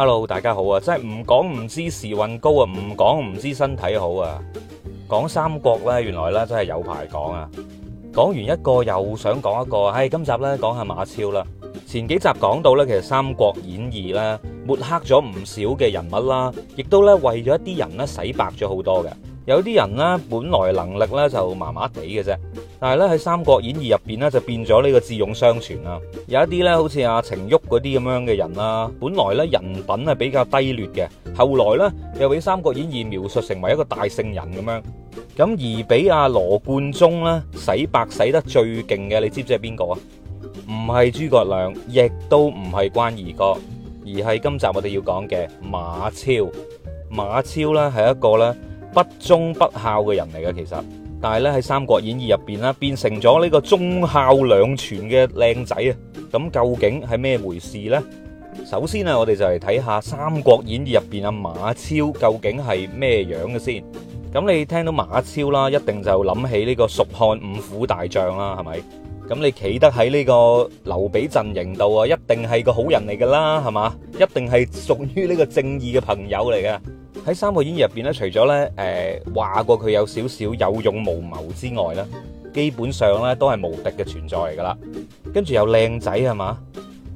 hello，大家好啊！真係唔講唔知時運高啊，唔講唔知身體好啊。講三國呢，原來呢真係有排講啊。講完一個又想講一個，唉、哎，今集呢講下馬超啦。前幾集講到呢，其實《三國演義》呢抹黑咗唔少嘅人物啦，亦都呢為咗一啲人呢洗白咗好多嘅。有啲人呢，本來能力呢就麻麻地嘅啫。但係咧，喺《三國演義》入邊咧，就變咗呢個智勇雙全啊。有一啲咧，好似阿程昱嗰啲咁樣嘅人啦，本來咧，人品係比較低劣嘅，後來咧，又俾《三國演義》描述成為一個大聖人咁樣。咁而俾阿羅貫中咧，洗白洗得最勁嘅，你知唔知係邊個啊？唔係諸葛亮，亦都唔係關二哥，而係今集我哋要講嘅馬超。馬超咧，係一個咧，不忠不孝嘅人嚟嘅，其實。但係咧喺《三國演義》入邊啦，變成咗呢個忠孝兩全嘅靚仔啊！咁究竟係咩回事呢？首先啊，我哋就嚟睇下《三國演義》入邊阿馬超究竟係咩樣嘅先。咁你聽到馬超啦，一定就諗起呢個蜀漢五虎大將啦，係咪？咁你企得喺呢個劉備陣營度啊，一定係個好人嚟噶啦，係嘛？一定係屬於呢個正義嘅朋友嚟嘅。喺《三國演義》入邊咧，除咗咧，誒、呃、話過佢有少少有勇無謀之外咧，基本上咧都係無敵嘅存在嚟噶啦。跟住又靚仔係嘛，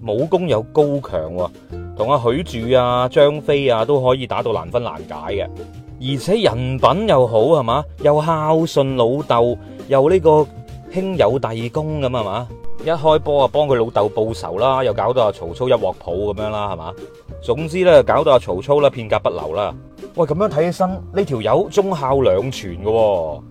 武功又高強，同阿許褚啊、張飛啊都可以打到難分難解嘅。而且人品又好係嘛，又孝順老豆，又呢個兄友弟恭咁係嘛。一開波啊，幫佢老豆報仇啦，又搞到阿曹操一鑊泡咁樣啦，係嘛。總之咧，搞到阿曹操啦，片甲不留啦。喂，咁樣睇起身，呢條友忠孝兩全噶，哦，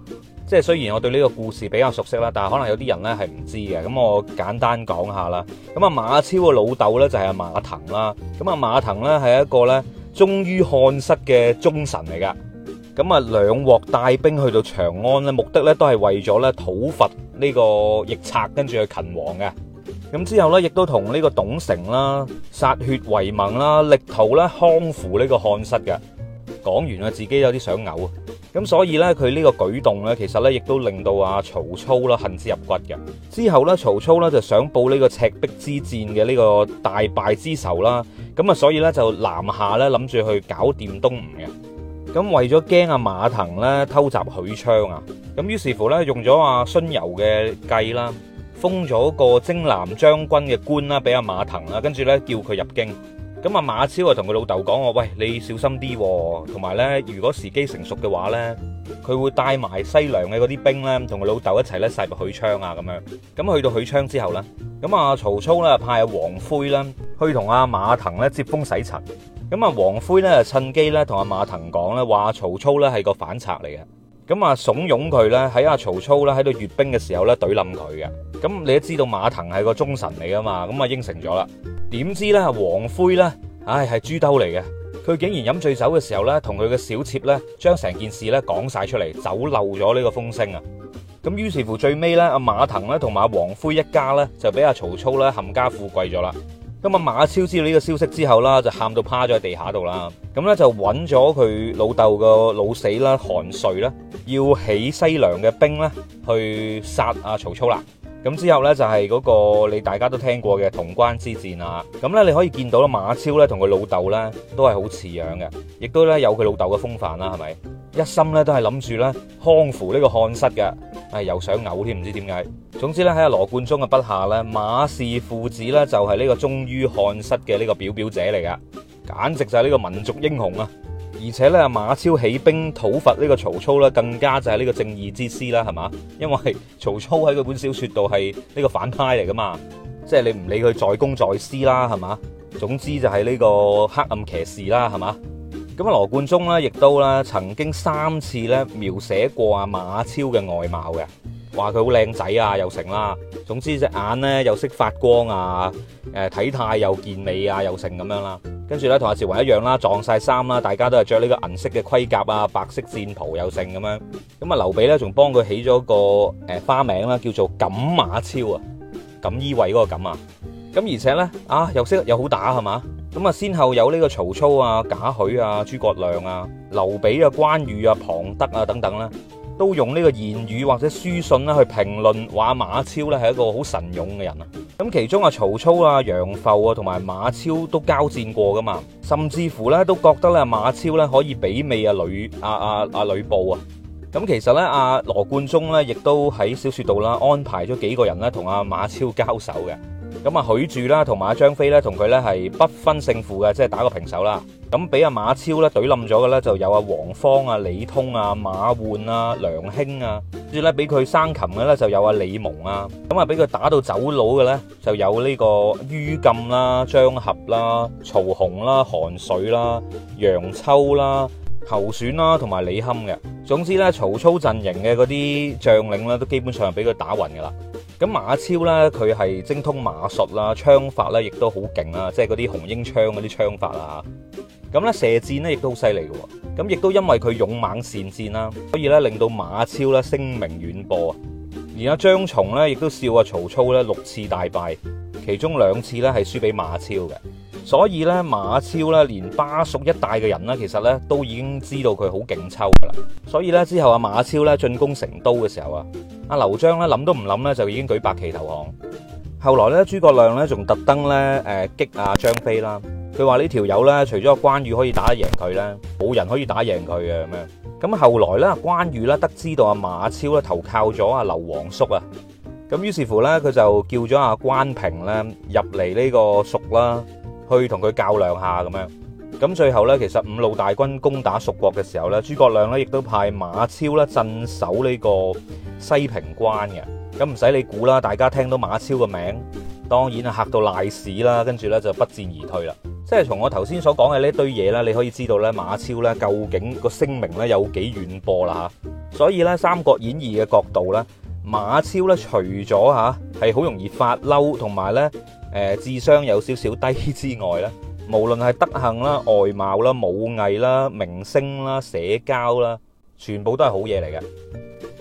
即係雖然我對呢個故事比較熟悉啦，但係可能有啲人咧係唔知嘅。咁我簡單講下啦。咁啊，馬超嘅老豆咧就係阿馬騰啦。咁啊，馬騰咧係一個咧忠於漢室嘅忠臣嚟噶。咁啊，兩獲帶兵去到長安咧，目的咧都係為咗咧討伐呢個逆賊，跟住去擒王嘅。咁之後咧，亦都同呢個董承啦，歃血為盟啦，力圖咧康復呢個漢室嘅。講完啊，自己有啲想嘔啊。咁所以咧，佢呢個舉動咧，其實咧亦都令到阿、啊、曹操啦恨之入骨嘅。之後咧，曹操咧就想報呢個赤壁之戰嘅呢個大敗之仇啦。咁啊，所以咧就南下咧，諗住去搞掂東吳嘅。咁為咗驚阿馬騰咧偷襲許昌啊，咁於是乎咧用咗阿荀攸嘅計啦。封咗個征南將軍嘅官啦，俾阿馬騰啦，跟住咧叫佢入京。咁阿馬超就同佢老豆講：我喂，你小心啲，同埋咧，如果時機成熟嘅話咧，佢會帶埋西涼嘅嗰啲兵咧，同佢老豆一齊咧，入許昌啊咁樣。咁去到許昌之後咧，咁啊曹操咧派阿黃魁啦去同阿馬騰咧接風洗塵。咁啊黃魁咧趁機咧同阿馬騰講咧，話曹操咧係個反賊嚟嘅。咁啊，慫恿佢咧，喺阿曹操咧喺度閱兵嘅時候咧，懟冧佢嘅。咁你都知道馬騰係個忠臣嚟啊嘛，咁啊應承咗啦。點知咧阿黃奎咧，唉係豬兜嚟嘅，佢竟然飲醉酒嘅時候咧，同佢嘅小妾咧，將成件事咧講晒出嚟，走漏咗呢個風聲啊。咁於是乎最尾咧，阿馬騰咧同埋阿黃奎一家咧，就俾阿曹操咧冚家富貴咗啦。咁啊，馬超知道呢個消息之後啦，就喊到趴咗喺地下度啦。咁呢，就揾咗佢老豆個老死啦，韓遂啦，要起西涼嘅兵咧，去殺阿曹操啦。咁之後呢，就係嗰個你大家都聽過嘅潼關之戰啊。咁呢，你可以見到啦，馬超呢同佢老豆呢都係好似樣嘅，亦都呢有佢老豆嘅風範啦，係咪？一心呢都係諗住呢，匡扶呢個漢室嘅。係、哎、又想嘔添，唔知點解。總之咧，喺阿羅貫中嘅筆下咧，馬氏父子咧就係呢個忠於漢室嘅呢個表表者嚟噶，簡直就係呢個民族英雄啊！而且咧，馬超起兵討伐呢個曹操咧，更加就係呢個正義之師啦，係嘛？因為曹操喺佢本小説度係呢個反派嚟噶嘛，即係你唔理佢在公在私啦，係嘛？總之就係呢個黑暗騎士啦，係嘛？咁啊，羅貫中咧，亦都咧，曾經三次咧描寫過阿馬超嘅外貌嘅，話佢好靚仔啊，又成啦。總之隻眼咧又識發光啊，誒體態又健美啊，又成咁樣啦。跟住咧同阿趙雲一樣啦，撞晒衫啦，大家都係着呢個銀色嘅盔甲啊，白色戰袍又成咁樣。咁啊，劉備咧仲幫佢起咗個誒花名啦，叫做錦馬超啊，錦衣衛嗰個錦啊。咁而且咧啊，又識又好打係嘛？咁啊，先後有呢個曹操啊、賈詡啊、諸葛亮啊、劉備啊、關羽啊、龐德啊等等啦，都用呢個言語或者書信咧去評論話馬超咧係一個好神勇嘅人啊。咁其中啊，曹操啊、楊阜啊同埋馬超都交戰過噶嘛，甚至乎咧都覺得咧馬超咧可以媲美啊呂啊啊啊呂布啊。咁、啊啊、其實咧，阿羅貫中咧亦都喺小說度啦安排咗幾個人咧同阿馬超交手嘅。咁啊，許褚啦，同埋阿張飛咧，同佢咧係不分勝負嘅，即係打個平手啦。咁俾阿馬超咧懟冧咗嘅咧，就有阿王方、啊、李通啊、馬玩啊、梁興啊。跟住咧俾佢生擒嘅咧，就有阿李蒙啊。咁啊俾佢打到走佬嘅咧，就有呢個于禁啦、張郃啦、曹洪啦、韓遂啦、楊秋啦、侯選啦，同埋李堪嘅。總之咧，曹操陣營嘅嗰啲將領咧，都基本上係俾佢打暈噶啦。咁馬超呢，佢係精通馬術啦、槍法啦，亦都好勁啦，即係嗰啲紅纓槍嗰啲槍法啊。咁呢射箭呢，亦都好犀利嘅。咁亦都因為佢勇猛善戰啦，所以呢令到馬超呢聲名遠播。而阿張松呢，亦都笑阿曹操呢六次大敗，其中兩次呢係輸俾馬超嘅。所以呢，馬超呢連巴蜀一帶嘅人呢，其實呢都已經知道佢好勁抽噶啦。所以呢，之後阿馬超呢進攻成都嘅時候啊。阿劉璋咧諗都唔諗咧，就已經舉白旗投降。後來咧，諸葛亮咧仲特登咧誒激阿張飛啦。佢話呢條友咧，除咗阿關羽可以打得贏佢咧，冇人可以打贏佢嘅咁樣。咁後來咧，關羽啦，得知到阿馬超咧投靠咗阿劉皇叔啊。咁於是乎咧，佢就叫咗阿關平咧入嚟呢個蜀啦，去同佢較量下咁樣。咁最後呢，其實五路大軍攻打蜀國嘅時候呢，諸葛亮呢亦都派馬超咧鎮守呢個西平關嘅。咁唔使你估啦，大家聽到馬超嘅名，當然嚇到賴屎啦，跟住呢就不戰而退啦。即係從我頭先所講嘅呢堆嘢呢，你可以知道呢馬超呢究竟個聲名呢有幾遠播啦嚇。所以呢，《三國演義》嘅角度呢，馬超呢除咗吓係好容易發嬲，同埋呢誒智商有少少低之外呢。無論係德行啦、外貌啦、武藝啦、名聲啦、社交啦，全部都係好嘢嚟嘅。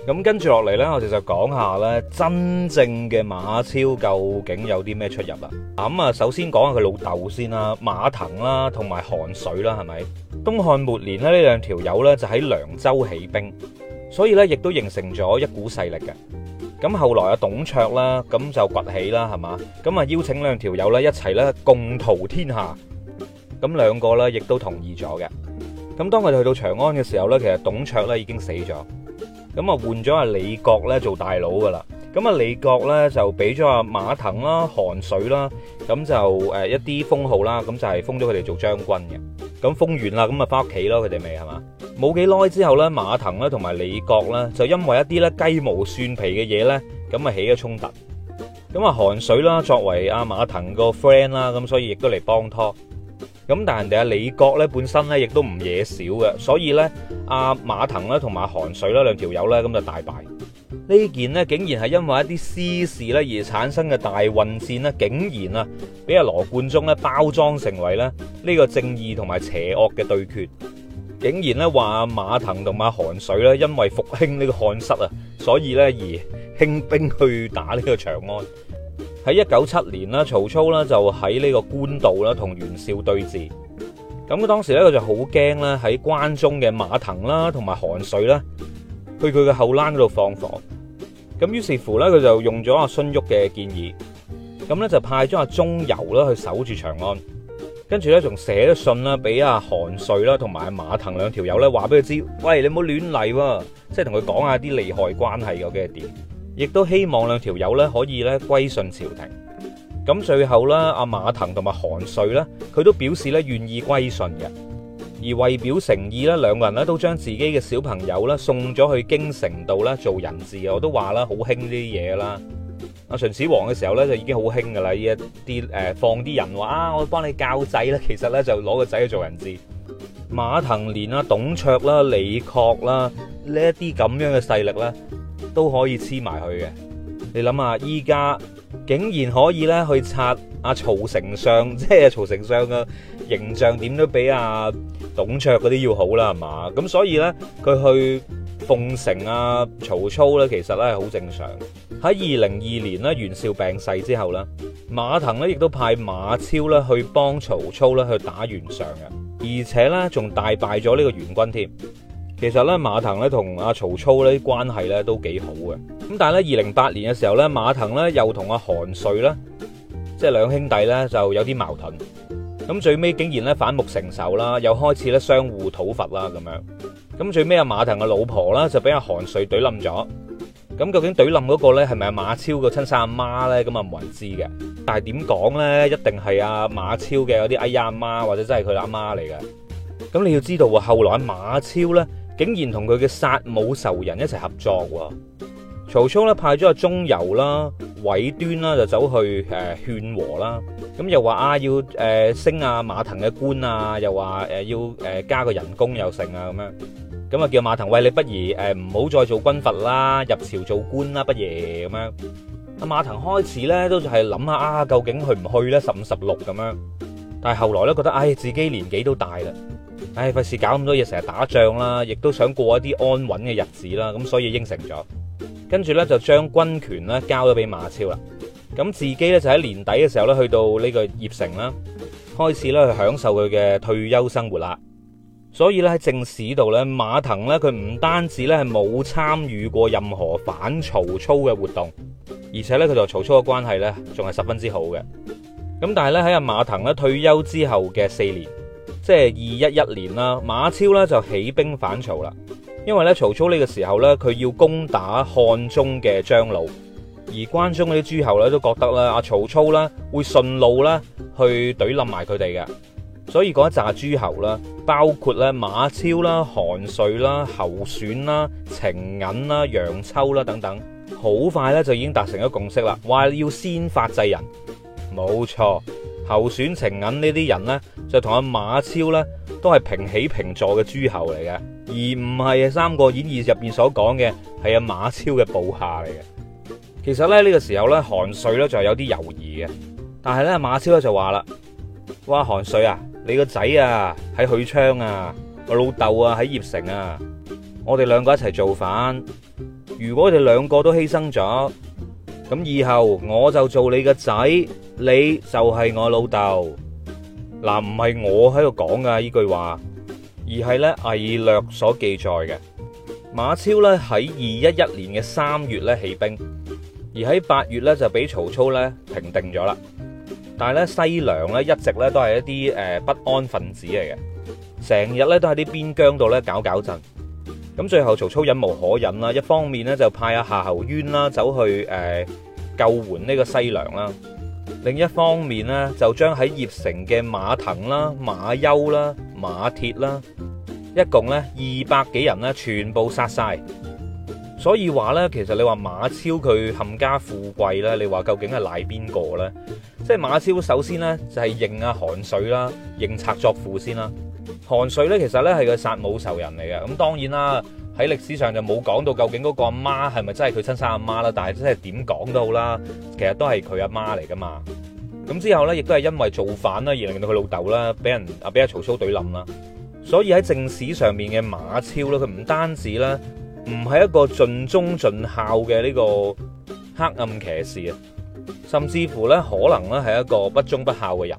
咁跟住落嚟咧，我哋就講下咧真正嘅馬超究竟有啲咩出入啦。咁啊，首先講下佢老豆先啦，馬騰啦，同埋韓遂啦，係咪？東漢末年咧，呢兩條友咧就喺涼州起兵，所以咧亦都形成咗一股勢力嘅。咁後來啊，董卓啦，咁就崛起啦，係嘛？咁啊，邀請兩條友咧一齊咧共圖天下。咁兩個咧，亦都同意咗嘅。咁當佢哋去到長安嘅時候咧，其實董卓咧已經死咗，咁啊換咗阿李傕咧做大佬噶啦。咁啊李傕咧就俾咗阿馬騰啦、韓遂啦，咁就誒一啲封號啦，咁就係封咗佢哋做將軍嘅。咁封完啦，咁啊返屋企咯，佢哋咪係嘛？冇幾耐之後咧，馬騰咧同埋李傕咧就因為一啲咧雞毛蒜皮嘅嘢咧，咁啊起咗衝突。咁啊韓遂啦，作為阿馬騰個 friend 啦，咁所以亦都嚟幫拖。咁但係人哋阿李傕咧本身咧亦都唔嘢少嘅，所以咧阿馬騰咧同埋韓遂咧兩條友咧咁就大敗。呢件呢，竟然係因為一啲私事咧而產生嘅大混戰呢，竟然啊俾阿羅貫中咧包裝成為咧呢個正義同埋邪惡嘅對決，竟然咧話阿馬騰同埋韓遂咧因為復興呢個漢室啊，所以咧而興兵去打呢個長安。喺一九七年啦，曹操啦就喺呢個官渡啦同袁紹對峙。咁當時咧佢就好驚咧喺關中嘅馬騰啦同埋韓遂啦去佢嘅後欄度放火。咁於是乎咧佢就用咗阿荀彧嘅建議。咁咧就派咗阿鍾繇啦去守住長安，跟住咧仲寫咗信啦俾阿韓遂啦同埋阿馬騰兩條友咧話俾佢知，喂，你唔好亂嚟喎，啊，即係同佢講下啲利害關係咁嘅點。亦都希望兩條友咧可以咧歸順朝廷，咁最後啦，阿馬騰同埋韓遂咧，佢都表示咧願意歸順嘅。而為表誠意咧，兩個人咧都將自己嘅小朋友咧送咗去京城度啦做人質。我都話啦，好興呢啲嘢啦。阿秦始皇嘅時候咧就已經好興噶啦，呢一啲誒，放啲人話啊，我幫你教仔啦，其實咧就攞個仔去做人質。馬騰、連啊、董卓啦、李傕啦，呢一啲咁樣嘅勢力咧。都可以黐埋佢嘅。你諗下，依家竟然可以咧去拆阿曹丞相，即係曹丞相嘅形象，點都比阿董卓嗰啲要好啦，係嘛？咁所以呢，佢去奉承啊曹操呢，其實呢係好正常。喺二零二年呢，袁紹病逝之後呢，馬騰呢亦都派馬超呢去幫曹操呢去打袁尚嘅，而且呢，仲大敗咗呢個元軍添。其實咧馬騰咧同阿曹操咧關係咧都幾好嘅，咁但係咧二零八年嘅時候咧馬騰咧又同阿韓遂，咧即係兩兄弟咧就有啲矛盾，咁最尾竟然咧反目成仇啦，又開始咧相互討伐啦咁樣，咁最尾阿馬騰嘅老婆啦就俾阿韓遂懟冧咗，咁究竟懟冧嗰個咧係咪阿馬超嘅親生阿媽咧咁啊冇人知嘅，但係點講咧一定係阿馬超嘅嗰啲哎呀阿媽或者真係佢阿媽嚟嘅，咁你要知道啊後來馬超咧。竟然同佢嘅殺母仇人一齊合作喎！曹操咧派咗阿鍾繇啦、韋端啦就走去誒勸和啦，咁又話啊要誒升阿馬騰嘅官啊，又話誒要誒加個人工等等又成啊咁樣，咁啊叫馬騰喂，你不如誒唔好再做軍閥啦，入朝做官啦不如咁樣。阿馬騰開始咧都就係諗下啊，究竟去唔去咧？十五十六咁樣。但係後來咧覺得，唉，自己年紀都大啦，唉，費事搞咁多嘢，成日打仗啦，亦都想過一啲安穩嘅日子啦，咁所以應承咗，跟住呢就將軍權咧交咗俾馬超啦，咁自己呢，就喺年底嘅時候呢，去到呢個鄴城啦，開始咧去享受佢嘅退休生活啦。所以呢，喺正史度呢，馬騰呢，佢唔單止呢係冇參與過任何反曹操嘅活動，而且呢，佢同曹操嘅關係呢，仲係十分之好嘅。咁但係咧喺阿馬騰咧退休之後嘅四年，即係二一一年啦，馬超咧就起兵反曹啦。因為咧曹操呢個時候咧佢要攻打漢中嘅張魯，而關中呢啲諸侯咧都覺得咧阿曹操啦會順路啦去懟冧埋佢哋嘅，所以嗰一紮諸侯啦，包括咧馬超啦、韓遂啦、侯選啦、程銀啦、楊秋啦等等，好快咧就已經達成咗共識啦，話要先發制人。冇錯，候選程銀呢啲人呢，就同阿馬超呢，都係平起平坐嘅諸侯嚟嘅，而唔係三國演義入邊所講嘅係阿馬超嘅部下嚟嘅。其實咧呢、呢個時候韓呢，韓遂呢，就係有啲猶豫嘅，但係咧馬超呢，就話啦：哇，韓遂啊，你個仔啊喺許昌啊，個老豆啊喺鄴城啊，我哋兩個一齊造反，如果我哋兩個都犧牲咗。咁以後我就做你個仔，你就係我老豆。嗱，唔係我喺度講噶呢句話，而係呢，魏略所記載嘅。馬超呢喺二一一年嘅三月呢起兵，而喺八月呢就俾曹操呢平定咗啦。但係呢西涼呢一直呢都係一啲誒不安分子嚟嘅，成日呢都喺啲邊疆度呢搞搞震。咁最後曹操忍無可忍啦，一方面咧就派阿夏侯淵啦走去誒、呃、救援呢個西涼啦，另一方面呢，就將喺葉城嘅馬騰啦、馬休啦、馬鐵啦，一共呢二百幾人呢，全部殺晒。所以話呢，其實你話馬超佢冚家富貴呢，你話究竟係賴邊個呢？即係馬超首先呢，就係、是、認啊韓遂啦，認賊作父先啦。韓遂咧，其實咧係個殺母仇人嚟嘅。咁當然啦，喺歷史上就冇講到究竟嗰個阿媽係咪真係佢親生阿媽啦。但係真係點講都好啦，其實都係佢阿媽嚟噶嘛。咁之後咧，亦都係因為造反啦，而令到佢老豆啦俾人啊俾阿曹操隊冧啦。所以喺正史上面嘅馬超咧，佢唔單止咧唔係一個盡忠盡孝嘅呢個黑暗騎士啊，甚至乎咧可能咧係一個不忠不孝嘅人。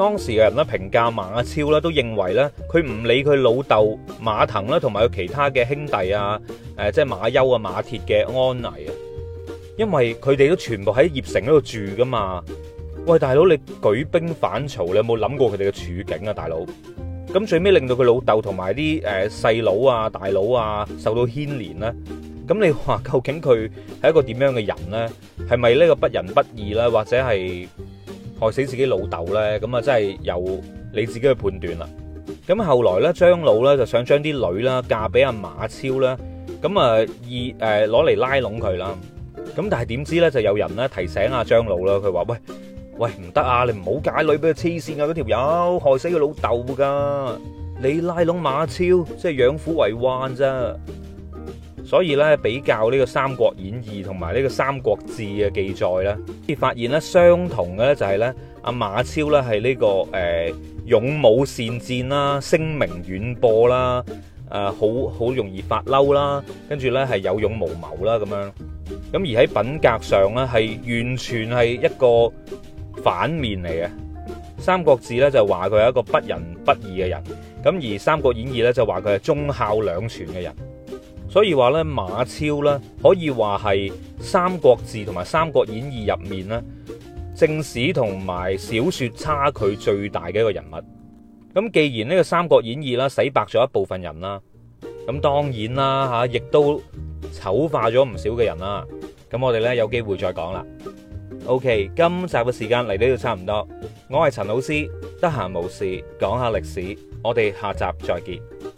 當時嘅人咧評價馬超咧，都認為咧佢唔理佢老豆馬騰咧，同埋佢其他嘅兄弟啊，誒即係馬休啊、馬鐵嘅安危啊，因為佢哋都全部喺鄴城嗰度住㗎嘛。喂，大佬你舉兵反曹，你有冇諗過佢哋嘅處境啊，大佬？咁最尾令到佢老豆同埋啲誒細佬啊、大佬啊受到牽連咧。咁你話究竟佢係一個點樣嘅人咧？係咪呢個不仁不義咧？或者係？害死自己老豆咧，咁啊真係由你自己去判斷啦。咁後來咧，張老咧就想將啲女啦嫁俾阿馬超啦，咁啊二誒攞嚟拉攏佢啦。咁但係點知咧就有人咧提醒阿張老啦，佢話喂喂，唔得啊，你唔好嫁女俾佢黐線啊。嗰條友，害死佢老豆噶。你拉攏馬超，即係養虎為患咋。所以咧，比較呢個《三國演義》同埋呢個《三國志》嘅記載咧，亦發現咧相同嘅咧就係咧，阿馬超咧係呢個誒勇武善戰啦、聲名遠播啦、誒好好容易發嬲啦，跟住咧係有勇無謀啦咁樣。咁而喺品格上咧，係完全係一個反面嚟嘅。《三國志》咧就話佢係一個不仁不義嘅人，咁而《三國演義》咧就話佢係忠孝兩全嘅人。所以話咧馬超咧可以話係《三國志》同埋《三國演義》入面咧正史同埋小說差距最大嘅一個人物。咁既然呢個《三國演義》啦洗白咗一部分人啦，咁當然啦吓，亦都醜化咗唔少嘅人啦。咁我哋咧有機會再講啦。OK，今集嘅時間嚟到呢度差唔多，我係陳老師，得閒冇事講下歷史，我哋下集再見。